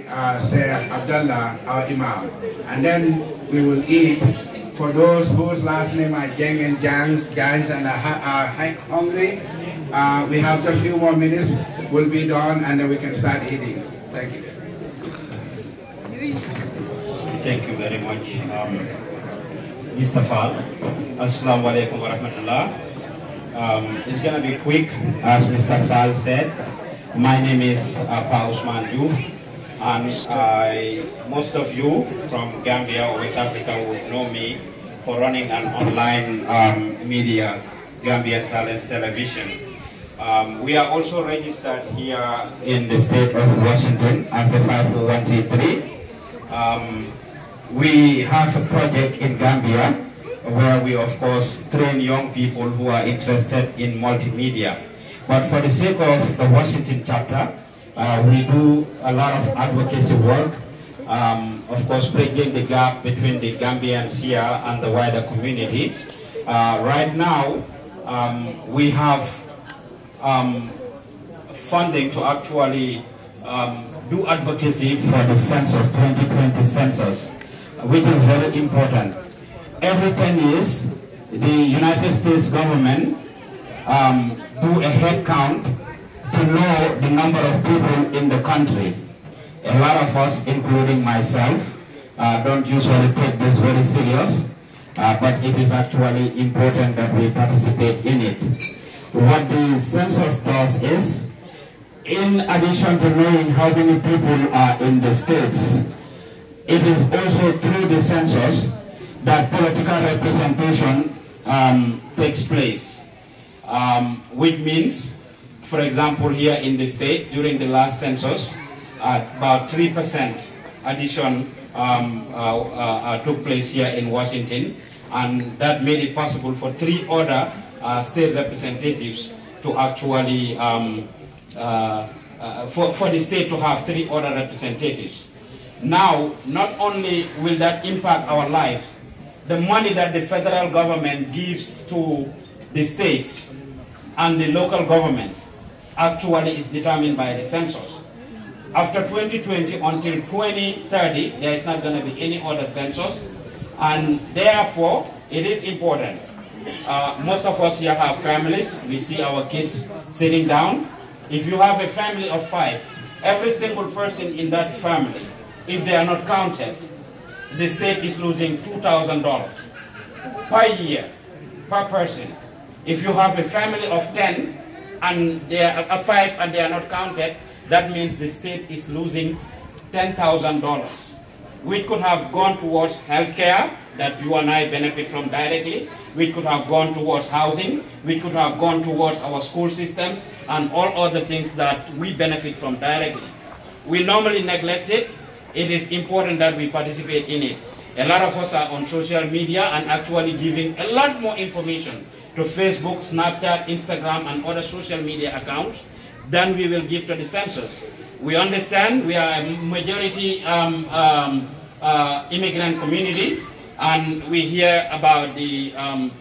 Uh, Sir Abdullah, our Imam. And then we will eat for those whose last name are Jeng and Jang, Jangs and are, hungry. Uh, we have a few more minutes, will be done, and then we can start eating. Thank you. Thank you very much, um, Mr. Fall. Assalamu alaikum wa rahmatullah. Um, it's going to be quick, as Mr. Fall said. My name is Apa uh, Usman Youth and I, most of you from Gambia or West Africa would know me for running an online um, media, Gambia Talent Television. Um, we are also registered here in the state of Washington as a 501c3. Um, we have a project in Gambia where we, of course, train young people who are interested in multimedia. But for the sake of the Washington chapter, uh, we do a lot of advocacy work. Um, of course, bridging the gap between the Gambians here and the wider community. Uh, right now, um, we have um, funding to actually um, do advocacy for the census, 2020 census, which is very important. Every 10 years, the United States government um, do a head count to know the number of people in the country. A lot of us, including myself, uh, don't usually take this very serious, uh, but it is actually important that we participate in it. What the census does is, in addition to knowing how many people are in the states, it is also through the census that political representation um, takes place, um, which means for example, here in the state, during the last census, uh, about 3% addition um, uh, uh, uh, took place here in Washington, and that made it possible for three other uh, state representatives to actually, um, for, for the state to have three other representatives. Now, not only will that impact our life, the money that the federal government gives to the states and the local governments actually is determined by the census. After 2020 until 2030, there is not going to be any other census. And therefore, it is important. Uh, most of us here have families. We see our kids sitting down. If you have a family of five, every single person in that family, if they are not counted, the state is losing $2,000 per year, per person. If you have a family of 10, and they are five and they are not counted, that means the state is losing $10,000, which could have gone towards healthcare that you and I benefit from directly, We could have gone towards housing, We could have gone towards our school systems, and all other things that we benefit from directly. We normally neglect it. It is important that we participate in it. A lot of us are on social media and actually giving a lot more information to Facebook, Snapchat, Instagram, and other social media accounts than we will give to the census. We understand we are a majority um, um, uh, immigrant community, and we hear about the um,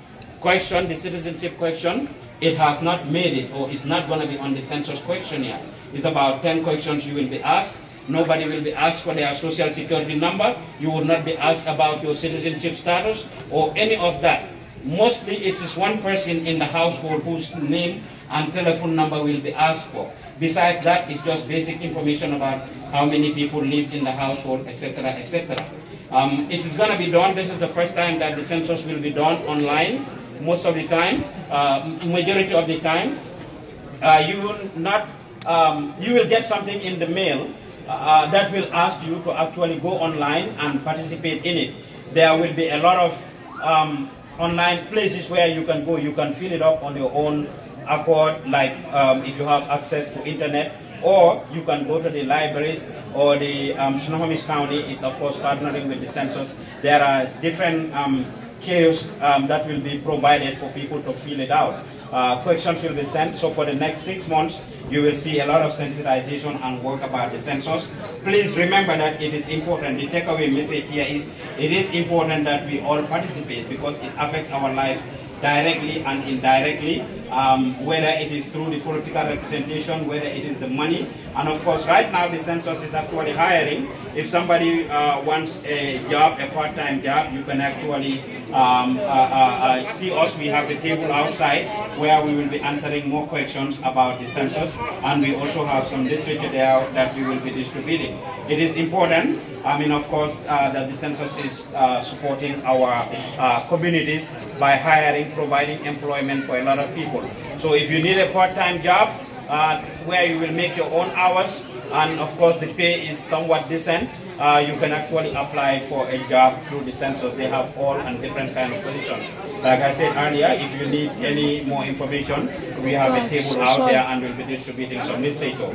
question, the citizenship question. It has not made it, or it's not going to be on the census question yet. It's about 10 questions you will be asked. Nobody will be asked for their social security number. You will not be asked about your citizenship status or any of that. Mostly it is one person in the household whose name and telephone number will be asked for. Besides that, it's just basic information about how many people live in the household, etc., etc. Um, it is going to be done. This is the first time that the census will be done online, most of the time, uh, majority of the time. Uh, you will not, um, you will get something in the mail uh, that will ask you to actually go online and participate in it. There will be a lot of um, online places where you can go. You can fill it up on your own accord, like um, if you have access to internet, or you can go to the libraries or the um, Snohomish County is of course partnering with the census. There are different um, caves um, that will be provided for people to fill it out uh, questions will be sent. So for the next six months, you will see a lot of sensitization and work about the sensors. Please remember that it is important. The takeaway message here is it is important that we all participate because it affects our lives directly and indirectly um, whether it is through the political representation, whether it is the money. And of course, right now the census is actually hiring. If somebody uh, wants a job, a part-time job, you can actually um, uh, uh, uh see us. We have a table outside where we will be answering more questions about the census. And we also have some literature there that we will be distributing. It is important, I mean, of course, uh, that the census is uh, supporting our communities by hiring, providing employment for a lot of people. So if you need a part-time job uh, where you will make your own hours and of course the pay is somewhat decent, uh, you can actually apply for a job through the census. They have all and different kind of positions. Like I said earlier, if you need any more information, we have a oh, table out there and we'll be distributing some newspaper.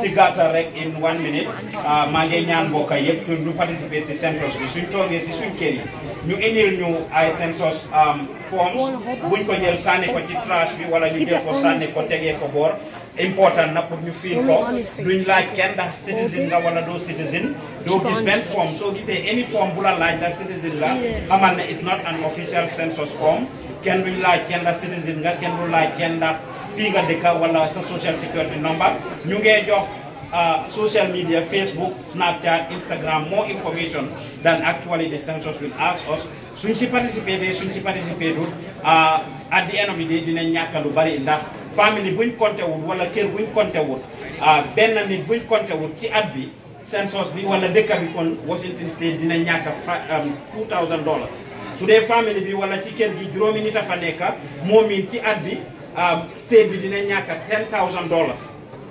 Tigata rek in one minute, uh, mange ñaan boka yep participate the census bi suñ toogé ci suñ kër ñu indil ñu ay census um, forms buñ ko jël sànni ko ci trash bi wala ñu jël ko sànni ko tegee ko boor important na pour ñu fiil ko duñ laaj kenn ndax citizen nga wala doo citizen doo gis benn form soo gisee any form bu la laaj ndax citizen la xamal ne it's not an official census form kenn duñ laaj kenn ndax citizen nga kenn du laaj kenn ndax fii nga dëkka wala sa social security number ñu ngee jox uh, social media, Facebook, Snapchat, Instagram, more information than actually the census will ask us. Suñ si participated, suñ si participated, uh, at the end of the day, dinañ ñàkk lu bari ndax family buñ compté wul wala kër buñ compté wul uh, benn nit buñ compté wul ci at bi census bi wala dëkk bi kon Washington State dina ñàkk um, two thousand dollars su dee family bi wala ci kër gi juróomi nit a fa nekk moom it ci at bi um, state bi dina ñàkk ten thousand dollars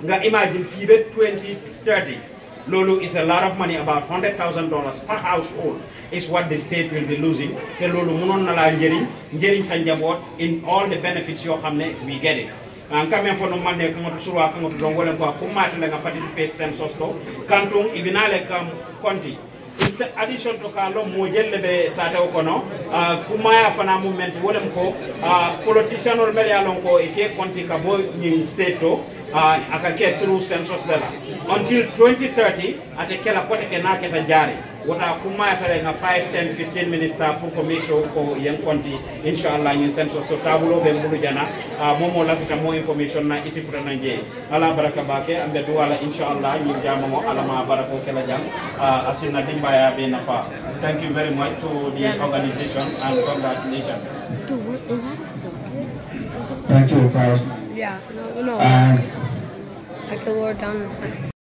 nga imagine fii ba 2030 loolu is a lot of money about hundred thousand dollars per household is what the state will be losing te loolu mënoon na laa njëriñ njëriñ sa njaboot in all the benefits yoo xam we get it an kame fono manne kangoto surwa kangoto dongole ko kumati la participate census sosto kantung ibinale kam um, konti is addition to kalo mo jelle be sata ko no uh, ah, kuma ya fana movement wolem ko ah, politician or mele alon ko ite konti ka bo nyin state to uh, akake through until 2030 kenake wata kuma nga 5 10 15 minutes ta ko konti yin to tabulo be mbulu jana uh, momo mo information na isi ala baraka bake ambe yin ala ma barako jam uh, dimba ya be thank you very much to the organization and congratulations Dude, what is that a filter? Thank you, guys. Yeah, no, no. I could lower down